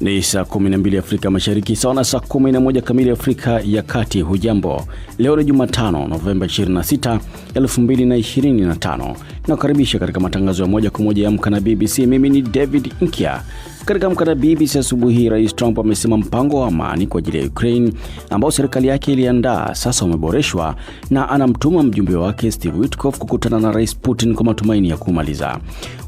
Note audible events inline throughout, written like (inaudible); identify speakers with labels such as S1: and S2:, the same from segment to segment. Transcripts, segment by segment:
S1: Ni saa 12 Afrika Mashariki, sawa na saa 11 kamili Afrika ya Kati. Hujambo, leo ni Jumatano Novemba 26, 2025. Nakukaribisha katika matangazo ya moja kwa moja ya Amka na BBC. Mimi ni David Nkia. Katika mkanda BBC asubuhi, Rais Trump amesema mpango wa amani kwa ajili ya Ukraine ambao serikali yake iliandaa sasa umeboreshwa na anamtuma mjumbe wake Steve Witkoff kukutana na Rais Putin kwa matumaini ya kumaliza.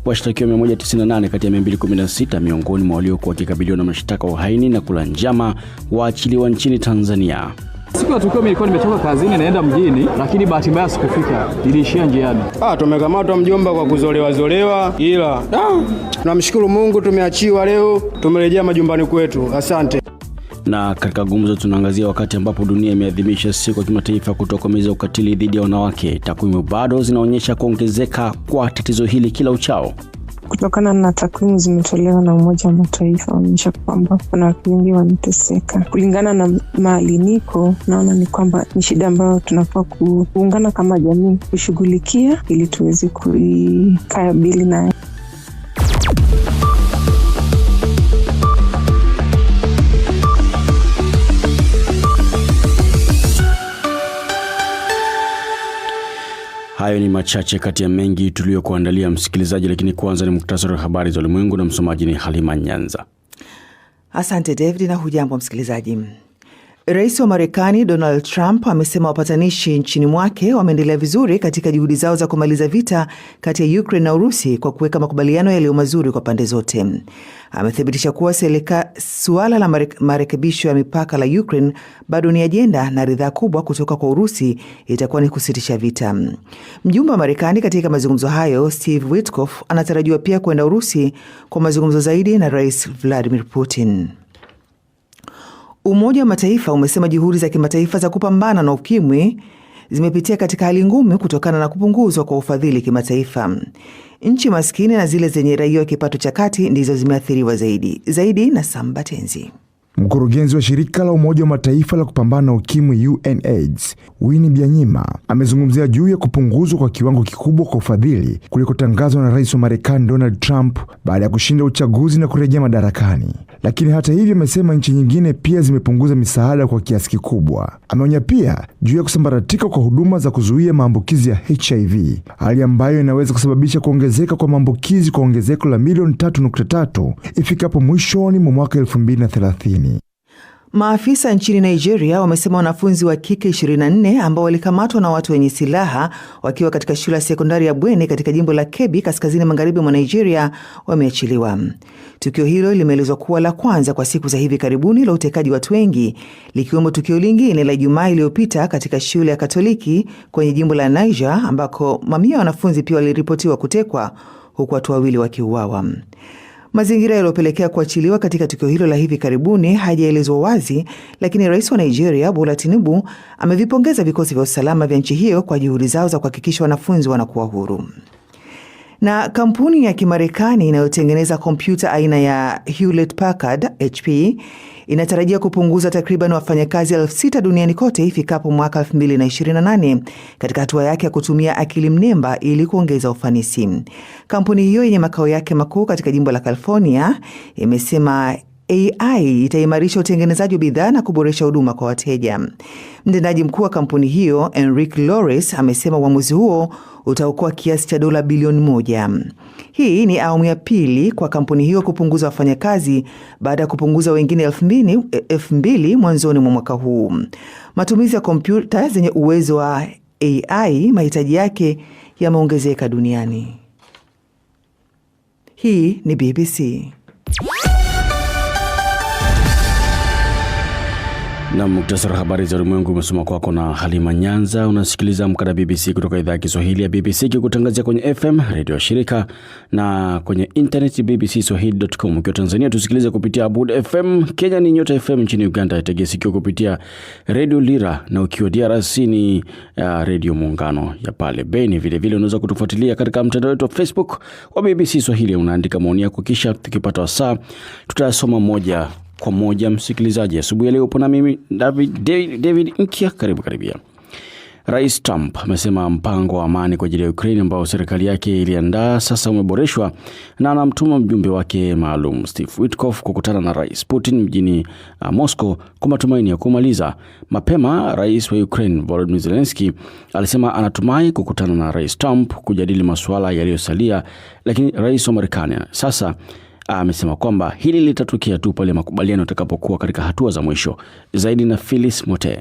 S1: Washtakiwa 198 kati ya 216 miongoni mwa waliokuwa wakikabiliwa na mashtaka uhaini na kula njama waachiliwa nchini Tanzania.
S2: Siku ya tukio nilikuwa nimetoka kazini naenda mjini, lakini bahati mbaya sikufika, niliishia njiani.
S3: Ah, tumekamatwa mjomba kwa kuzolewa zolewa, ila ah, tunamshukuru Mungu tumeachiwa leo, tumerejea majumbani kwetu. Asante.
S1: Na katika gumzo tunaangazia wakati ambapo dunia imeadhimisha siku ya kimataifa kutokomeza ukatili dhidi ya wanawake, takwimu bado zinaonyesha kuongezeka kwa tatizo hili kila uchao.
S4: Kutokana na takwimu zimetolewa na Umoja wa Mataifa waonyesha kwamba wanawake wengi wanateseka. Kulingana na mahali niko, naona ni kwamba ni shida ambayo tunafaa kuungana kama jamii kushughulikia, ili tuweze kuikabili nayo.
S1: Hayo ni machache kati ya mengi tuliyokuandalia msikilizaji, lakini kwanza ni muktasari wa habari za ulimwengu na msomaji ni Halima Nyanza.
S5: Asante David na hujambo msikilizaji. Rais wa Marekani Donald Trump amesema wapatanishi nchini mwake wameendelea vizuri katika juhudi zao za kumaliza vita kati ya Ukraine na Urusi kwa kuweka makubaliano yaliyo mazuri kwa pande zote. Amethibitisha kuwa seleka, suala la marekebisho ya mipaka la Ukraine bado ni ajenda na ridhaa kubwa kutoka kwa Urusi itakuwa ni kusitisha vita. Mjumbe wa Marekani katika mazungumzo hayo Steve Witkoff anatarajiwa pia kwenda Urusi kwa mazungumzo zaidi na Rais Vladimir Putin. Umoja wa Mataifa umesema juhudi za kimataifa za kupambana na ukimwi zimepitia katika hali ngumu kutokana na kupunguzwa kwa ufadhili kimataifa. Nchi maskini na zile zenye raia wa kipato cha kati ndizo zimeathiriwa zaidi. Zaidi na sambatenzi
S6: Mkurugenzi wa shirika la Umoja wa Mataifa la kupambana na ukimwi UNAIDS Winnie Byanyima amezungumzia juu ya kupunguzwa kwa kiwango kikubwa kwa ufadhili kulikotangazwa na rais wa Marekani Donald Trump baada ya kushinda uchaguzi na kurejea madarakani lakini hata hivyo amesema nchi nyingine pia zimepunguza misaada kwa kiasi kikubwa. Ameonya pia juu ya kusambaratika kwa huduma za kuzuia maambukizi ya HIV, hali ambayo inaweza kusababisha kuongezeka kwa maambukizi kwa ongezeko la milioni 3.3 ifikapo mwishoni mwa mwaka 2030.
S5: Maafisa nchini Nigeria wamesema wanafunzi wa kike 24 ambao walikamatwa na watu wenye silaha wakiwa katika shule ya sekondari ya bweni katika jimbo la Kebbi kaskazini magharibi mwa Nigeria wameachiliwa. Tukio hilo limeelezwa kuwa la kwanza kwa siku za hivi karibuni la utekaji watu wengi, likiwemo tukio lingine la Ijumaa iliyopita katika shule ya Katoliki kwenye jimbo la Niger ambako mamia ya wanafunzi pia waliripotiwa kutekwa huku watu wawili wakiuawa. Mazingira yaliyopelekea kuachiliwa katika tukio hilo la hivi karibuni hajaelezwa wazi, lakini rais wa Nigeria Bola Tinubu amevipongeza vikosi vya usalama vya nchi hiyo kwa juhudi zao za kuhakikisha wanafunzi wanakuwa huru. Na kampuni ya Kimarekani inayotengeneza kompyuta aina ya Hewlett Packard HP inatarajia kupunguza takriban wafanyakazi elfu sita duniani kote ifikapo mwaka 2028 katika hatua yake ya kutumia akili mnemba ili kuongeza ufanisi. Kampuni hiyo yenye makao yake makuu katika jimbo la California imesema AI itaimarisha utengenezaji wa bidhaa na kuboresha huduma kwa wateja. Mtendaji mkuu wa kampuni hiyo Enrique Lores amesema uamuzi huo utaokoa kiasi cha dola bilioni moja. Hii ni awamu ya pili kwa kampuni hiyo kupunguza wafanyakazi baada ya kupunguza wengine elfu mbili mwanzoni mwa mwaka huu. Matumizi ya kompyuta zenye uwezo wa AI mahitaji yake yameongezeka duniani. Hii ni BBC.
S1: Na muktasari habari za ulimwengu umesoma kwako na Halima Nyanza. Unasikiliza Amka BBC kutoka idhaa ya Kiswahili ya BBC kikutangazia kwenye FM redio shirika na kwenye internet BBC Swahili.com. Ukiwa Tanzania tusikilize kupitia Abud FM, Kenya ni Nyota FM, nchini Uganda tegea sikio kupitia redio Lira, na ukiwa DRC ni uh, redio Muungano ya pale Beni. Vilevile unaweza kutufuatilia katika mtandao wetu wa Facebook wa BBC Swahili, unaandika maoni yako, kisha tukipata wasaa tutasoma moja kwa moja, msikilizaji. Asubuhi ya leo upo na mimi David, David, David Nkia, karibu karibia. Rais Trump amesema mpango wa amani kwa ajili ya Ukraine ambao serikali yake iliandaa sasa umeboreshwa na anamtuma mjumbe wake maalum Steve Witkoff kukutana na Rais Putin mjini uh, Moscow kwa matumaini ya kumaliza mapema. Rais wa Ukraine Volodymyr Zelensky alisema anatumai kukutana na Rais Trump kujadili masuala yaliyosalia, lakini rais wa Marekani sasa amesema kwamba hili litatokea tu pale makubaliano yatakapokuwa katika hatua za mwisho. Zaidi na Phyllis Mote.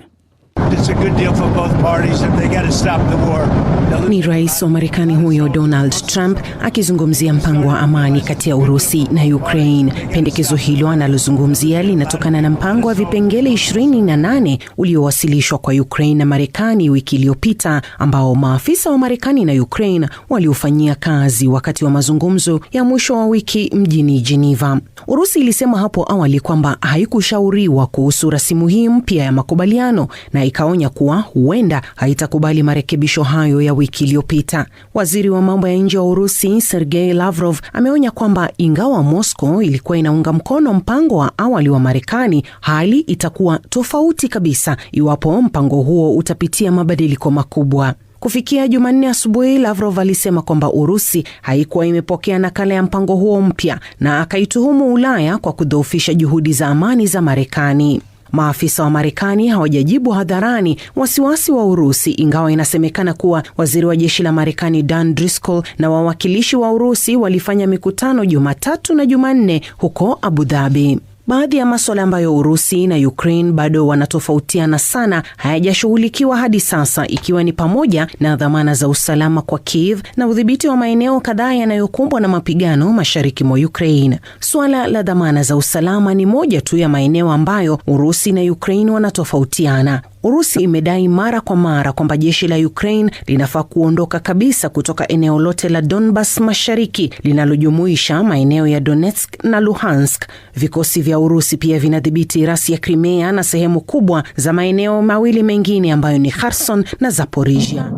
S7: Ni rais wa Marekani huyo Donald Trump akizungumzia mpango wa amani kati ya Urusi na Ukraine. Pendekezo hilo analozungumzia linatokana na mpango wa vipengele 28 uliowasilishwa kwa Ukraine na Marekani wiki iliyopita, ambao maafisa wa Marekani na Ukraine waliofanyia kazi wakati wa mazungumzo ya mwisho wa wiki mjini Geneva. Urusi ilisema hapo awali kwamba haikushauriwa kuhusu rasimu hii mpya ya makubaliano na ikaonya kuwa huenda haitakubali marekebisho hayo ya wiki iliyopita. Waziri wa mambo ya nje wa Urusi Sergei Lavrov ameonya kwamba ingawa Moscow ilikuwa inaunga mkono mpango wa awali wa Marekani, hali itakuwa tofauti kabisa iwapo mpango huo utapitia mabadiliko makubwa. Kufikia Jumanne asubuhi, Lavrov alisema kwamba Urusi haikuwa imepokea nakala ya mpango huo mpya na akaituhumu Ulaya kwa kudhoofisha juhudi za amani za Marekani. Maafisa wa Marekani hawajajibu hadharani wasiwasi wa Urusi, ingawa inasemekana kuwa waziri wa jeshi la Marekani Dan Driscoll na wawakilishi wa Urusi walifanya mikutano Jumatatu na Jumanne huko Abu Dhabi. Baadhi ya maswala ambayo Urusi na Ukraine bado wanatofautiana sana hayajashughulikiwa hadi sasa, ikiwa ni pamoja na dhamana za usalama kwa Kiev na udhibiti wa maeneo kadhaa yanayokumbwa na mapigano mashariki mwa Ukraine. Suala la dhamana za usalama ni moja tu ya maeneo ambayo Urusi na Ukraine wanatofautiana. Urusi imedai mara kwa mara kwamba jeshi la Ukraine linafaa kuondoka kabisa kutoka eneo lote la Donbas mashariki linalojumuisha maeneo ya Donetsk na Luhansk. Vikosi vya Urusi pia vinadhibiti rasi ya Crimea na sehemu kubwa za maeneo mawili mengine ambayo ni Kherson na Zaporisia.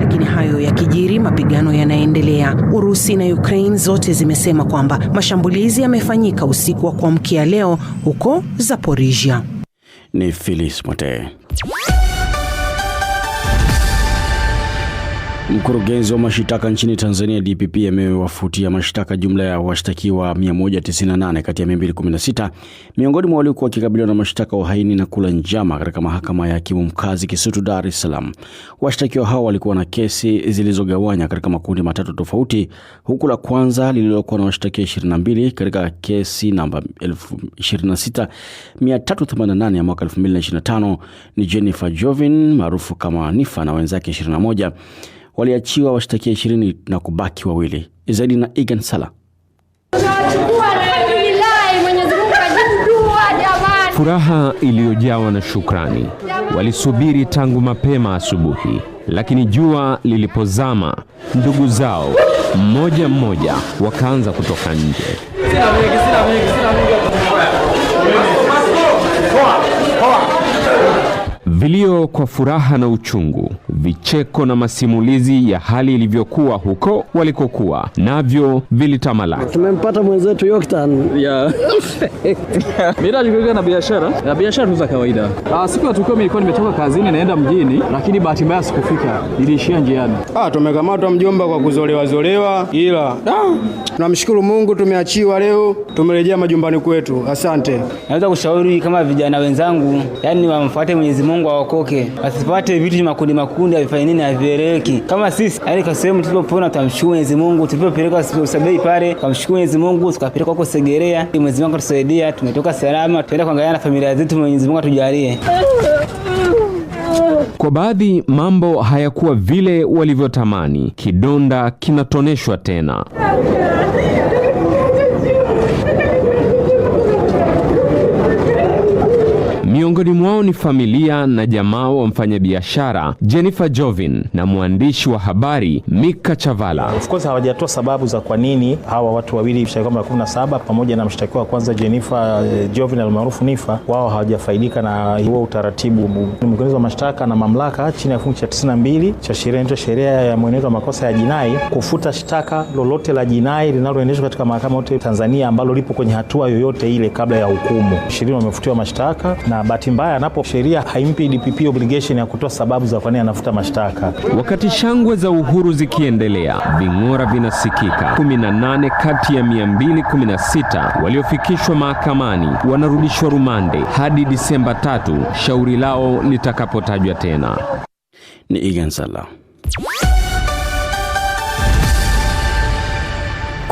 S7: Lakini hayo yakijiri, mapigano yanaendelea. Urusi na Ukraine zote zimesema kwamba mashambulizi yamefanyika usiku wa kuamkia leo huko Zaporizhia.
S1: Ni Filis mote Mkurugenzi wa mashitaka nchini Tanzania DPP amewafutia mashtaka jumla ya washtakiwa 198 kati ya 216 miongoni mwa waliokuwa wakikabiliwa na mashtaka uhaini na kula njama katika mahakama ya hakimu mkazi Kisutu, Dar es Salaam. Washtakiwa hao walikuwa na kesi zilizogawanya katika makundi matatu tofauti, huku la kwanza lililokuwa na washtakiwa 22 katika kesi namba 26388 ya mwaka 2025 ni Jennifer Jovin maarufu kama Nifa na wenzake 21 waliachiwa washtakia ishirini na kubaki wawili. Zaidi na Egan Sala.
S8: Furaha iliyojawa na shukrani walisubiri tangu mapema asubuhi, lakini jua lilipozama, ndugu zao mmoja mmoja wakaanza kutoka nje. Vilio kwa furaha na uchungu, vicheko na masimulizi ya hali ilivyokuwa huko walikokuwa, navyo vilitamalaki.
S9: Tumempata mwenzetu Yoktan yeah.
S10: (laughs) Mimi na biashara na biashara tu za kawaida.
S2: Ah, siku ya tukio nilikuwa nimetoka kazini naenda mjini, lakini bahati mbaya sikufika, niliishia njiani.
S3: Ah, tumekamatwa mjomba kwa kuzolewa zolewa, ila ah. tunamshukuru Mungu tumeachiwa leo, tumerejea majumbani kwetu. Asante.
S11: Naweza kushauri kama vijana wenzangu, yani wamfuate Mwenyezi Mungu waokoke, asipate vitu makundi makundi, avifanye nini, havieleweki. Kama sisi yaani, kwa sehemu tulipopona tutamshukuru Mwenyezi Mungu, tulipopeleka usabei pale tukamshukuru Mwenyezi Mungu, tukapeleka huko Segerea. Mwenyezi Mungu atusaidia, tumetoka salama, tuenda kuangalia na familia zetu. Mwenyezi Mungu atujalie.
S8: Kwa baadhi mambo hayakuwa vile walivyotamani, kidonda kinatoneshwa tena. Miongoni mwao ni familia na jamaa wa mfanyabiashara Jennifer Jovin na mwandishi wa habari Mika Chavala. Of
S12: course hawajatoa sababu za kwa nini hawa watu wawili mshtakiwa namba saba pamoja na mshtakiwa wa kwanza Jennifer eh, Jovin almaarufu Nifa, wao hawajafaidika na huo utaratibu. Mkurugenzi wa mashtaka na mamlaka chini ya kifungu cha 92 cha sheria ya mwenendo wa makosa ya jinai kufuta shtaka lolote la jinai linaloendeshwa katika mahakama yote Tanzania ambalo lipo kwenye hatua yoyote ile kabla ya hukumu. Ishirini wamefutiwa mashtaka na bahati mbaya, anapo sheria haimpi DPP obligation ya kutoa sababu za kwa nini anafuta mashtaka.
S8: Wakati shangwe za uhuru zikiendelea, ving'ora vinasikika. 18 kati ya 216 waliofikishwa mahakamani wanarudishwa rumande hadi Disemba tatu shauri lao litakapotajwa tena.
S1: Ni Igan Sala.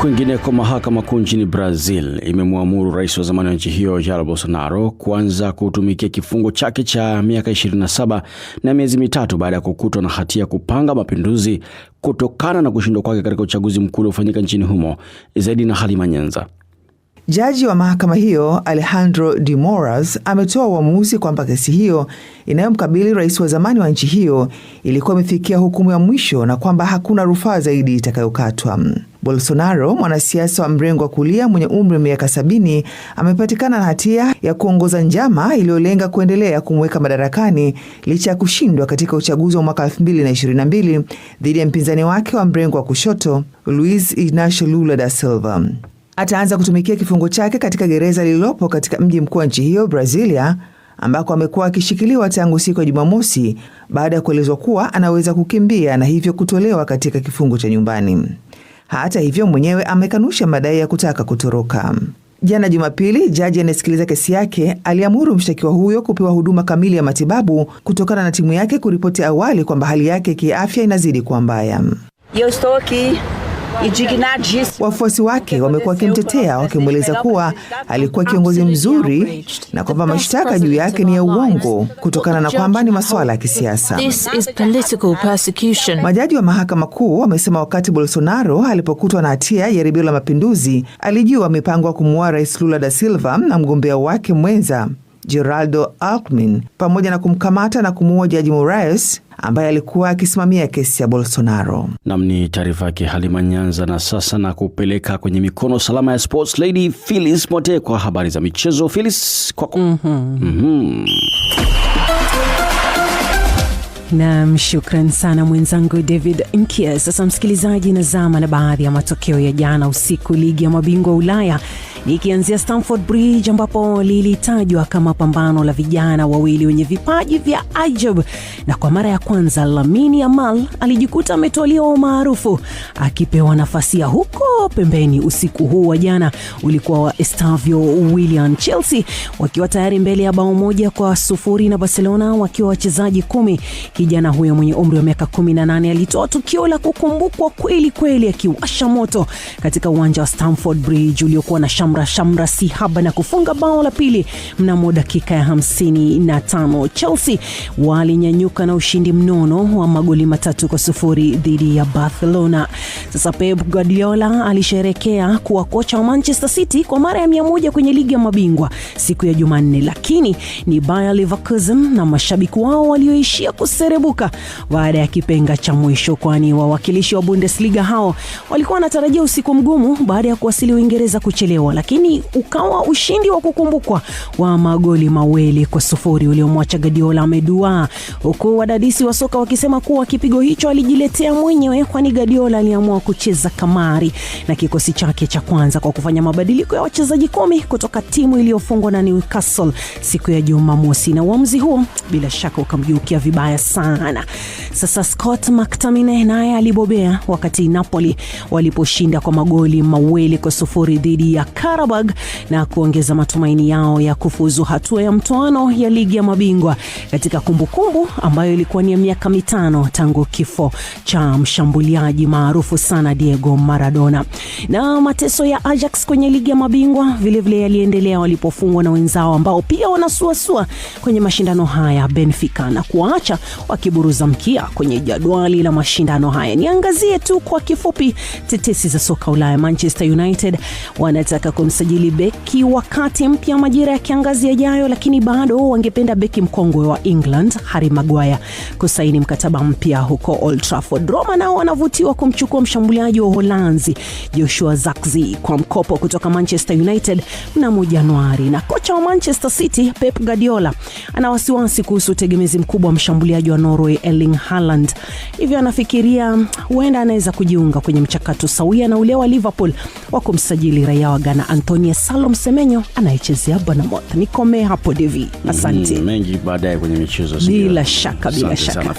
S1: Kwingineko, mahakama kuu nchini Brazil imemwamuru rais wa zamani wa nchi hiyo Jair Bolsonaro kuanza kutumikia kifungo chake cha miaka 27 na miezi mitatu baada ya kukutwa na hatia ya kupanga mapinduzi kutokana na kushindwa kwake katika uchaguzi mkuu uliofanyika nchini humo. Zaidi na Halima Nyenza.
S5: Jaji wa mahakama hiyo Alejandro de Moras ametoa uamuzi kwamba kesi hiyo inayomkabili rais wa zamani wa nchi hiyo ilikuwa imefikia hukumu ya mwisho na kwamba hakuna rufaa zaidi itakayokatwa. Bolsonaro, mwanasiasa wa mrengo wa kulia mwenye umri wa miaka sabini, amepatikana na hatia ya kuongoza njama iliyolenga kuendelea kumweka madarakani licha ya kushindwa katika uchaguzi wa mwaka 2022 dhidi ya mpinzani wake wa mrengo wa kushoto luis Inacio Lula da Silva ataanza kutumikia kifungo chake katika gereza lililopo katika mji mkuu wa nchi hiyo Brazilia, ambako amekuwa akishikiliwa tangu siku ya Jumamosi baada ya kuelezwa kuwa anaweza kukimbia na hivyo kutolewa katika kifungo cha nyumbani. Hata hivyo, mwenyewe amekanusha madai ya kutaka kutoroka. Jana Jumapili, jaji anayesikiliza kesi yake aliamuru mshtakiwa huyo kupewa huduma kamili ya matibabu kutokana na timu yake kuripoti awali kwamba hali yake kiafya inazidi kuwa mbaya. Wafuasi wake wamekuwa wakimtetea wakimweleza kuwa alikuwa kiongozi mzuri na kwamba mashtaka juu yake ni ya uongo kutokana na kwamba ni masuala ya kisiasa. Majaji wa mahakama kuu wamesema wakati Bolsonaro alipokutwa na hatia ya jaribio la mapinduzi alijua mipango ya kumuua Rais Lula da Silva na mgombea wake mwenza. Geraldo Alckmin pamoja na kumkamata na kumuua Jaji Moraes ambaye alikuwa akisimamia kesi ya Bolsonaro.
S1: Nam ni taarifa yake Halima Nyanza. Na sasa na kupeleka kwenye mikono salama ya sports lady Phyllis Mote kwa habari za michezo. Phyllis, kwako. mm -hmm. mm -hmm.
S7: Nam, shukran sana mwenzangu David Nkia. Sasa msikilizaji, nazama na baadhi ya matokeo ya jana usiku ligi ya mabingwa Ulaya likianzia Stamford Bridge ambapo lilitajwa kama pambano la vijana wawili wenye vipaji vya ajab na kwa mara ya kwanza lamini amal alijikuta ametwaliwa umaarufu akipewa nafasi ya huko pembeni. Usiku huu wa jana ulikuwa wa Estavio william Chelsea wakiwa tayari mbele ya bao moja kwa sufuri na Barcelona wakiwa wachezaji kumi. Kijana huyo mwenye umri wa miaka 18 alitoa tukio la kukumbukwa kweli kweli, akiwasha moto katika uwanja wa Stamford Bridge uliokuwa na shamra shamra si haba na kufunga bao la pili mnamo dakika ya 55. Chelsea walinyanyuka na ushindi mnono wa magoli matatu kwa sufuri dhidi ya Barcelona. Sasa Pep Guardiola alisherekea kuwa kocha wa Manchester City kwa mara ya 100 kwenye ligi ya mabingwa siku ya Jumanne, lakini ni Bayer Leverkusen na mashabiki wao walioishia kuserebuka baada ya kipenga cha mwisho, kwani wawakilishi wa Bundesliga hao walikuwa wanatarajia usiku mgumu baada ya kuwasili Uingereza kuchelewa lakini ukawa ushindi wa kukumbukwa wa magoli mawili kwa sufuri uliomwacha Guardiola amedua, huku wadadisi wa soka wakisema kuwa kipigo hicho alijiletea mwenyewe, kwani Guardiola aliamua kucheza kamari na kikosi chake cha kwanza kwa kufanya mabadiliko ya wachezaji kumi kutoka timu iliyofungwa na Newcastle siku ya Jumamosi, na uamuzi huo bila shaka ukamgeukia vibaya sana. Sasa Scott McTominay naye alibobea wakati Napoli waliposhinda kwa magoli mawili kwa sufuri dhidi ya ka Karabag na kuongeza matumaini yao ya kufuzu hatua ya mtoano ya ligi ya mabingwa katika kumbukumbu kumbu ambayo ilikuwa ni ya miaka mitano tangu kifo cha mshambuliaji maarufu sana Diego Maradona. Na mateso ya Ajax kwenye ligi ya mabingwa vilevile yaliendelea walipofungwa na wenzao ambao pia wanasuasua kwenye mashindano haya Benfica, na kuwaacha wakiburuza mkia kwenye jadwali la mashindano haya. Niangazie tu kwa kifupi tetesi za soka Ulaya. Manchester United wanataka kumsajili beki wakati mpya majira ya kiangazi yajayo, lakini bado wangependa beki mkongwe wa England hari magwaya kusaini mkataba mpya huko Old Trafford. Roma nao wanavutiwa kumchukua mshambuliaji wa holanzi Joshua Zakzi kwa mkopo kutoka Manchester United mnamo Januari, na kocha wa Manchester City Pep Guardiola ana wasiwasi kuhusu utegemezi mkubwa wa mshambuliaji wa Norway Erling haland hivyo anafikiria huenda anaweza kujiunga kwenye mchakato sawia na ule wa Liverpool wa kumsajili raia wa Ghana Antonia Salom Semenyo anayechezea bwanamoth Nikomee hapo Devi, asante. Mm,
S1: mengi baadaye kwenye michezo,
S7: bila shaka bila shaka.